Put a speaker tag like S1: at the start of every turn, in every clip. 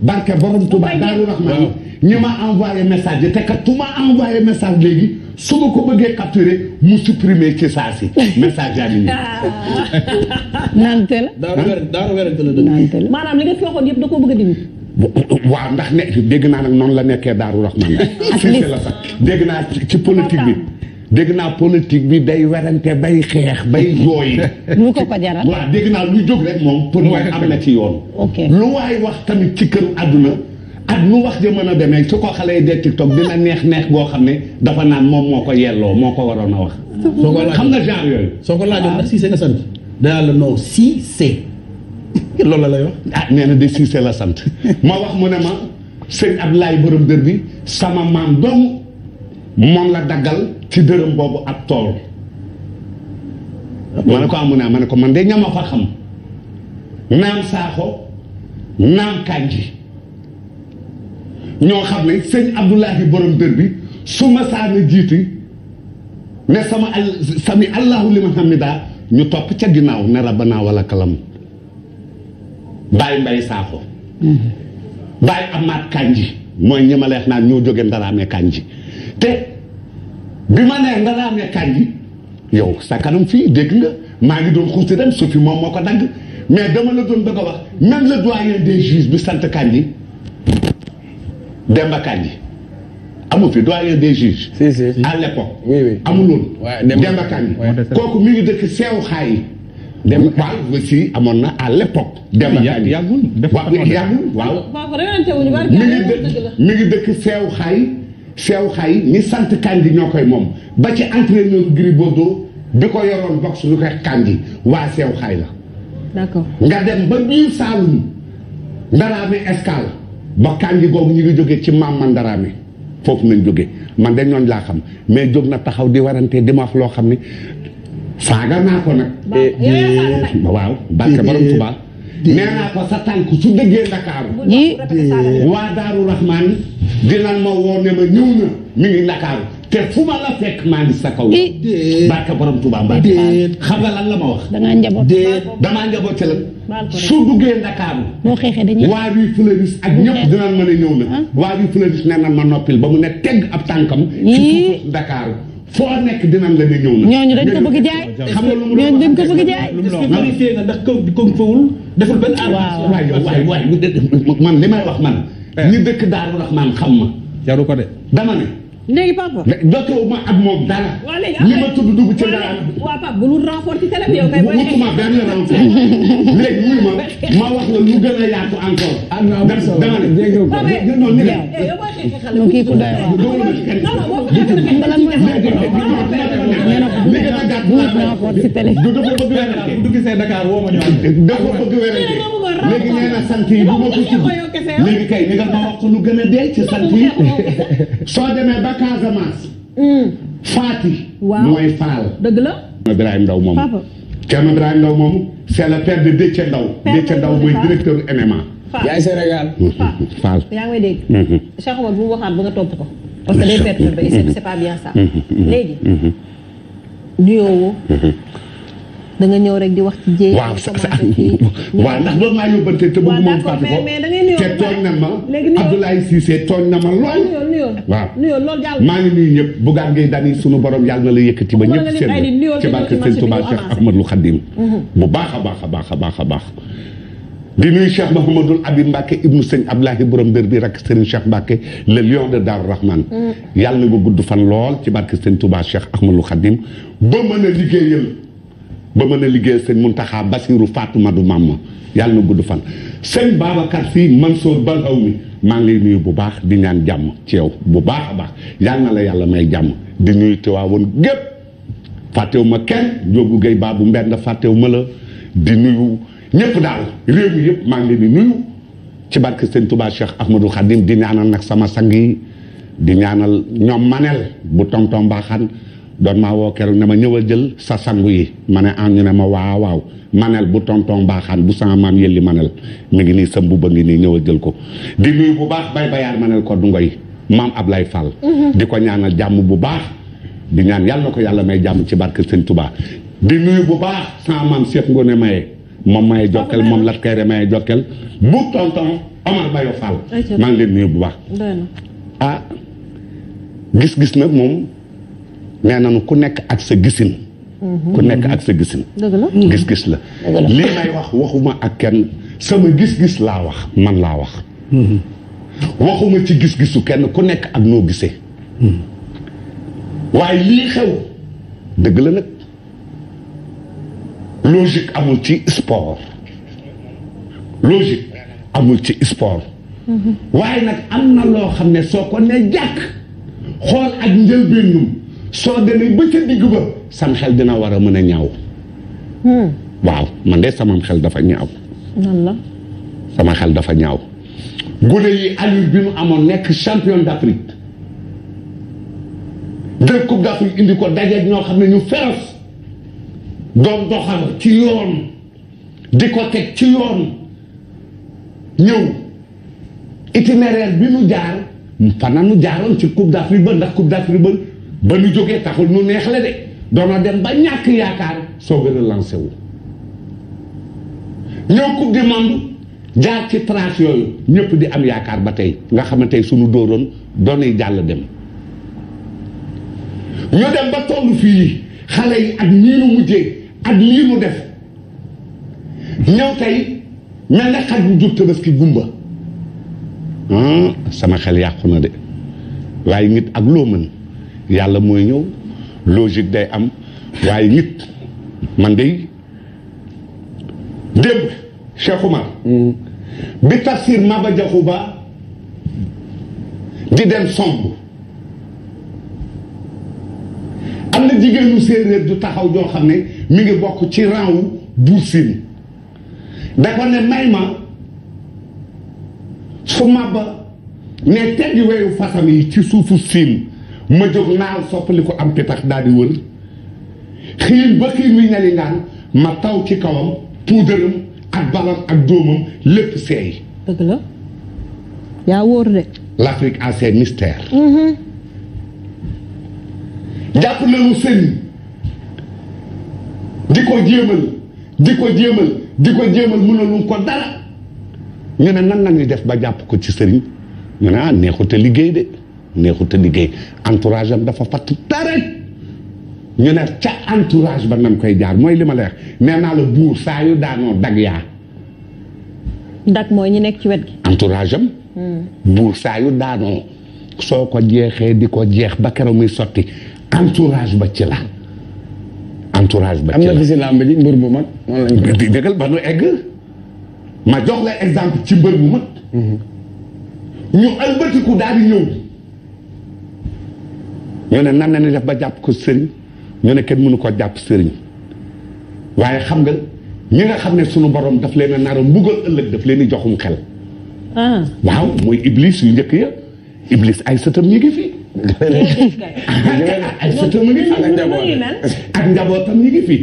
S1: barke borom Touba Daaru Rahman ñi ma envoyé message yi te kat tu ma envoyé message léegi su ma ko bëggee capturer mu supprimer ci saa si message yaa ngi nii. naante la. daara weer daara weerante la dëgg. naante la maanaam li nga fi waxoon yëpp da koo bëgg a dindi. waaw ndax ne dégg naa nag noonu la nekkee Daaru Rahman. ak lii la sax dégg naa ci politique dégg naa politique bi day werante bay xeex bay jooy. lu ko ko jaral waaw dégg naa lu jóg rek moom. pour am na ci yoon. lu waay wax tamit ci këru àdduna. ak lu wax ja mën demee su ko xale yi dee TikTok dina neex neex boo xam ne dafa naan moom moo ko yelloo moo ko waroon a wax. soo ko xam na genre yooyu. soo ko laajoon ndax Cissé nga sant. danaa la non Cissé. loolu la lay wax. Ah, na de Cissé la sant ma wax mu ne ma sëñ laay borom dër bi sama maam dong. moom la daggal ci dërëm boobu ak tool ma ne ko amu naa ma ne ko man de ñama fa xam naam saaxo naam kànji ñoo xam ne sëñ Abdoulahi borom dër bi su ma saana jiiti ne sama al sami allahu liman hamida ñu topp ca ginnaaw ne rabbana wala kalam bàyyi mbay saaxo mm-hmm. bàyyi amaat kànji mooy ñi ma leex naan ñoo jóge ndaraamee kanji te bi ma neex ndaraamee kanji yow sa kanam fii dégg nga maa ngi doon xuusi dem su fi moom moo ko dagg mais dama la doon bëgg wax même le doyen des juges bi sant kanji Demba kanji amu fi doyen des juges. si si à l'époque. oui oui amuloon. Demba kanji kooku mi ngi dëkk seew xaay Demba Tall aussi amoon na à l'époque. Demba Tall yàggul waaw yàggul waaw. mi ngi dëkk mi ngi dëkk seew xaay seew xaay ni sant Kandi ñoo koy moom ba ci entraîneur Gris Bordeaux bi ko yoroon box lu koy Kandi waa seew xaay la. d'accord nga dem ba biir Saalum Ndaraame Escale ba Kandi googu ñu ngi jógee ci maam man Ndaraame foofu nañ jógee man de ñooñ laa xam mais jóg na taxaw di warante di ma wax loo xam ne saaga naa ko nag waaw barke borom tuba nee naa ko sa tànk su dëggee ndakaaru waa daaru rahmaan dinan ma woo ne ma ñëw na mi ngi ndakaaru te fu ma la fekk maa ngi sa kaw barke borom tuba mbaa xam nga lan la ma wax dangaa njaboot damaa njaboot ci lan su duggee ndakaaru boo xeexee dañuy waa wi fleuris ak ñëpp dinan ma ne ñëw na waa wi fleuris nee ma noppil ba mu ne tegg ab tànkam ci ndakaaru foo nekk dinañ la ne ñëw na. ñooñu dañ ko bëgg jaay. xam nga lu mu la dañ ko bëgg jaay. lu mu la wax qualifié nga ndax kaw ko fawul deful benn waaw waay waay man li may wax man. ñu dëkk Daaru Rahman xam ma. jaru ko de dama ne. léegi papa. jotewu ma ak moom dara. waaw léegi li ma tudd dugg ci dara. waaw papa bu dul renfort ci télé bi yow kay. wutuma benn renfort léegi wuy ma ma wax la lu gën a yaatu encore. ah non non non dama ne. dégg nga ko non ni nga. non kii ku doy waar. xam nga lan mooy renfort ci télé. du dafa bëgg wérante. du gisee Dakar woo ma ñëwaat. dafa bëgg wérante. léegi nee na sant yi bu ma ko tudd léegi kay ni nga ma wax lu gën a dee ci sant yi soo demee ba Casamance. Hmm. Fati. waaw mooy Faal. dëgg la. Ibrahima Ndaw moomu. papa Thierno Ibrahima Ndaw moomu. c'est le père de Déthié Ndaw. Déthié Ndaw mooy directeur NMA. yaay Sénégal. Faal yaa ngi may dégg. Mm-hmm. Cheikh Omar bu waxaat ba nga topp ko. parce que day mm-hmm. perturbé c'est pas bien ça. Mm-hmm. léegi. nuyoo da nga ñëw rek di wax ci jéy. waaw sa waaw ndax loolu maa yóbbante te bëggu ma fàtte ko te tooñ na ma Abdoulaye Cissé tooñ na ma lool. waaw maa ngi nuyu ñëpp bugaan ngay dani sunu borom yàlla na la yëkkati ba ñëpp seen ci barke Sëñ Tuubaa Cheikh Ahmadou Khadim mhm. bu baax a baax a baax a baax a baax. di nuyu Cheikh Mahamadul Habib Mbacke ibnu sëñ Ablahi borom mbir bi rakk Serigne Cheikh Mbacke le lion de Darou Rahman. Mhm. yàlla na nga gudd fan lool ci barke Sëñ Tuubaa Cheikh Ahmadou Khadim ba mën a liggéeyal ba mën a liggéeyal Muntaha Muntaxa Fatuma mama Mamma yalla na gudd fan sëñ Babacar Si Mansour ban ma ngi nuyu bu baax di ñaan jamm ci yow bu baax baax yalla na la yalla may jamm di nuyu gep ma kenn jogu Gay babu Mbend fàttewu ma la di nuyu ñepp daal réew mi yëpp ma ngi leen nuyu ci barke sëñ Touba Cheikh Ahmadou Khadim di ñaanal nak sama sangi di ñaanal ñom manel bu tonton doon maa woo keroog ne ma ñëwal jël sa sangu yi ma ne am ah, ñu ne ma waaw waaw manel bu tonton baaxaan bu sama maam yëlli manel mu ngi nii sa mbubb ba ngi nii ñëwal jël ko di nuyu bu baax bay bayaar manel ko du ngoy maam Ablaye Fall mhm. di ko ñaanal jàmm bu baax di ñaan yàlla na ko yàlla may jàmm ci barke sëñ tubaa di nuyu bu baax sama maam Cheikh Ngone maye moom maye jokkel moom lat kayre maye jokkel bu tonton Omar Bayo Fall maa ngi leen nuyu bu baax ah gis-gis moom nee nañu ku nekk ak sa gisin mhm. ku sa gisin mhm. gis-gis la li may ak kenn sama gis-gis laa wax man laa wax mhm. ci gis-gisu kenn ku nekk ak noo gisee waaye lii xew dëgg la nag logique amul ci sport logique amul ci sport waaye nag am na loo xam ne soo ko ne jàkk xool ak njëlbeenum soo demee ba ca digg sam xel dina war a mën a ñaaw hmm. waaw man de samam xel dafa ñaaw sama xel dafa ñaaw gune yi allure bi nu amoon nekk champion d'Afrique jël coupe d'Afrique indi ko dajeeg ñoo xam ne ñu féroce doon doxal ci yoon di teg ci yoon ñëw itinéraire bi nu jaar fana nu jaaroon ci coupe d'Afrique ba ndax coupe d'Afrique ba ba nu jógee taxul nu neex la de doona dem ba ñàkk yaakaar soo gën a lancé wu ñëw coupe du monde jaar ci trace yooyu ñëpp di am yaakaar ba tey nga xamante suñu dóoroon doonay jàll dem ñu dem ba toll fii xale yi ak nii nu mujjee ak def ñëw tey mel na xaj bu jub tabaski gumba ah, sama xel yàqu na de waaye nit ak loo mën yàlla mooy ñëw logique day am waaye nit man day démb Cheikh Oumar hmm. bi tafsir Maba Diakhou Ba di dem somb am na jigéenu séeréer du taxaw joo xam ne mi ngi bokk ci rang wu Buur Siin dafa ne may ma su Maba ne teggi weyu fasam yi ci suufu siin ma jóg naaw soppali ko am pitax daal di wër xiin ba xiin wi ñali ngaan ma taw ci kawam puudaram ak balam ak dóomam lépp seey. dëgg la yaa wóor de. l'Afrique a ses mystères. Mhm. jàpp nañu sëriñ di ko jéemal di ko jéemal di ko jéemal mënaluñ ko dara ñu ne nan la ñuy def ba jàpp ko ci sëriñ ñu ne ah te a liggéey neexut a liggéey entourage am dafa fatt taret ñu ne ca entourage ba nan koy jaar mooy li ma leex nee naa la buur saa yu daanoo dag yaa dag mooy ñu nekk ci wet gi entourage am hmm. buur saa yu soo ko jeexee di ko jeex ba keroog sotti entourage ba ci la entourage ba ci la am na fi si làmb ji mbër bu mag ba nu egg jox la exemple ci mbër bu mag hmm. ñoo ne nan la ñuy def ba jàpp ko sëriñ ñu ne kenn mënu ko jàpp sëriñ waaye xam nga ñi nga xam ne sunu borom daf leen a nar a mbugal ëllëg daf leen di joxum xel. Ah. waaw mooy iblis yu njëkk ya iblis ay sëtam ñu ngi fi. ay sëtam ñu ngi fi ak njabootam ñu ngi fi.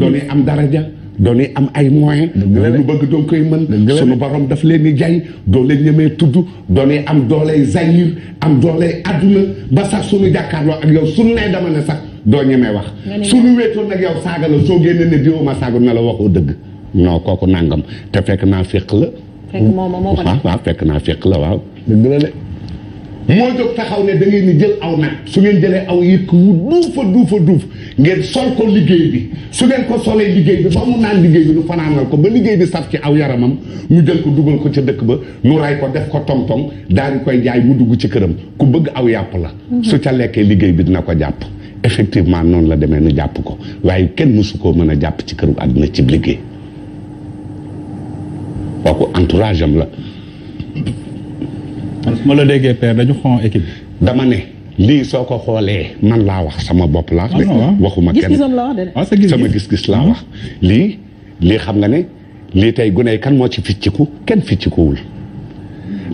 S1: doon am daraja. doonu am ay moyens lu bëgg doo koy mën sunu borom daf leen di jay doo leen ñemee tudd doonu am dooley zahir am dooley adduna ba sax sunu jàkkaarloo ak yow sunu nee dama ne sax doo ñemee wax sunu wéetoon nag yow saaga la soo génne ne diwoo ma saaga na la waxoo dëgg noo kooku nangam te fekk naa féq la fekk moom naa féq la waaw Hmm? moo jóg taxaw ne da ngeen di jël aw nag su ngeen jëlee aw yëkk wu duufa duufa duuf ngeen sol ko liggéey bi su ngeen ko solee liggéey bi ba mu naan liggéey bi nu fanaanal ko ba liggéey bi saf ci aw yaramam mu jël ko dugal ko ca dëkk ba nu ray ko def ko tong-tong daal koy jaay mu dugg ci këram ku bëgg aw yàpp la hmm. su ca lekkee liggéey bi dina ko jàpp effectivement noonu la demee nu jàpp ko waaye kenn mësu koo mën a jàpp ci këru àdduna ci liggéey kooku entourage am la ma la déggee père dañu xon dama ne lii soo ko xoolee man laa wax sama bopp laa ah, ah. wax de waxuma ah, kenn sama gis-gis laa wax lii lii xam nga ne lii tey gune kan moo ci ficciku kenn ficcikuwul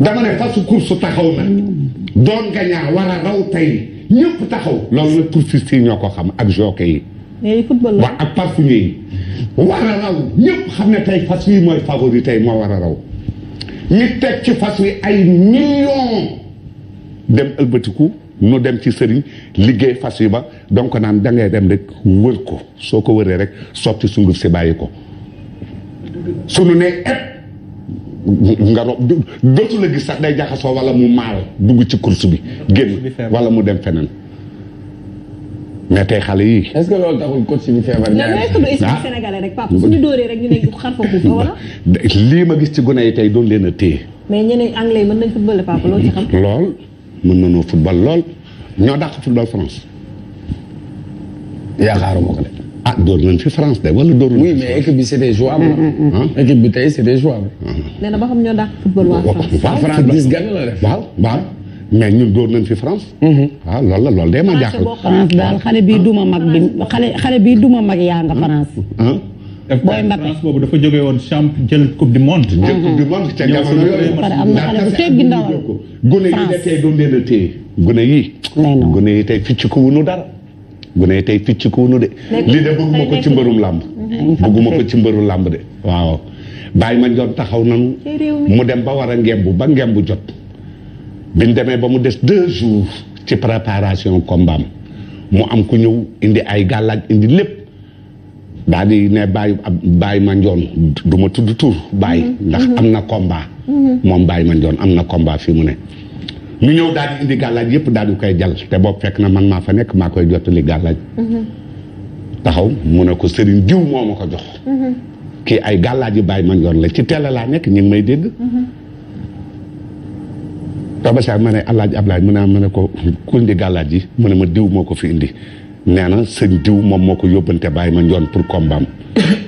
S1: dama ne fasu course taxaw na doon gañaa raw tey ñëpp taxaw loolu nag course ñoo ko xam ak jockey yi waa ak parfumé yi raw ñëpp xam ne tey fas yi mooy favori tey moo war a raw ñi teg ci fas wi ay millions dem ëlbatiku nu dem ci sëriñ liggéey fas wi ba donc naan da ngay dem rek wër ko soo ko wëree rek sotti sunguf si bàyyi ko sunu ne ëpp nga rob dootu la gis sax day jaxasoo wala mu maal dugg ci course bi génn wala mu dem feneen mais tey xale yi. est-ce que loolu taxul coach bi feebar. Ah. Sénégalais rek papa suñu dóoree rek ñu ne xar fa buuf wala. lii ma gis ci gone yi tey doon leen a téye. mais ñeneen anglais mën nañ football papa loolu ci xam. lool mën nañoo football lool ñoo dàq football France yaakaaruma ko de. ah dóor nañ fi France de wala dóor. oui mais équipe bi c'était jouable. Mm, mm, mm, équipe bi tey c'était jouable. nee na ba xam ñoo dàq football waa ah, France. France gis gan la def waaw waaw. mais ñun door nañ fi France mhm. ah lool la lool day ma France dal xalé bi duma mag bi xalé xalé bi duma mag ya nga France boy Mbappé France dafa champ jël coupe du monde jël coupe du monde jamono am na ndaw gune yi gune yi gune yi ko wunu dara gune yi ko wunu li ci ci waaw ma taxaw nanu mu dem ba wara ngembu ba ngembu jot biñ demee ba mu des deux jours ci préparation combam mu am ku ñëw indi ay gàllaaj indi lépp daal ne bàyyi ab bàyyi ma njoon du ma tudd tur bàyyi mhm. ndax mhm. am na combat mhm. moom baay ma njoon am na combat fii mu ne ñu ñëw daal di indi gàllaaj yëpp daal di koy jal te boobu fekk na man maa fa nekk maa koy jottali gàllaaj taxaw mu ne ko sëriñ diw moo ma ko jox kii ay gàllaaj yi bàyyi ma njoon la ci télé laa nekk ñu may dégg ba saa ma ne Alaaji Ablaay mu ne ma ne ko kul ndi gàllaaj yi mu ne ma diw moo ko fi indi nee na sëñ diw moom moo ko yóbbante bàyyi ma njoon pour kombaam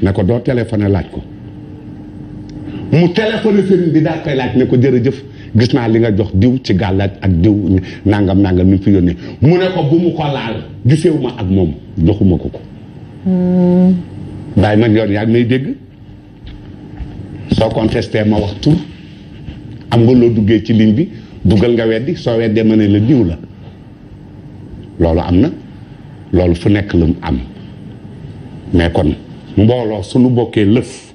S1: ne ko doo téléphoné laaj ko mu téléphoné ne ko jërëjëf gis naa li nga jox diw ci gàllaaj ak diw nangam nangam mi fi yónnee mu ne ko bu mu ma ak moom joxuma ko ko bàyyi ma njoon yaa ngi may dégg soo contesté ma wax tur am nga loo duggee ci ligne bi dugal nga weddi soo weddee ma ne la diw la loolu am na loolu fu nekk lu mu am mais kon mbooloo suñu bokkee lëf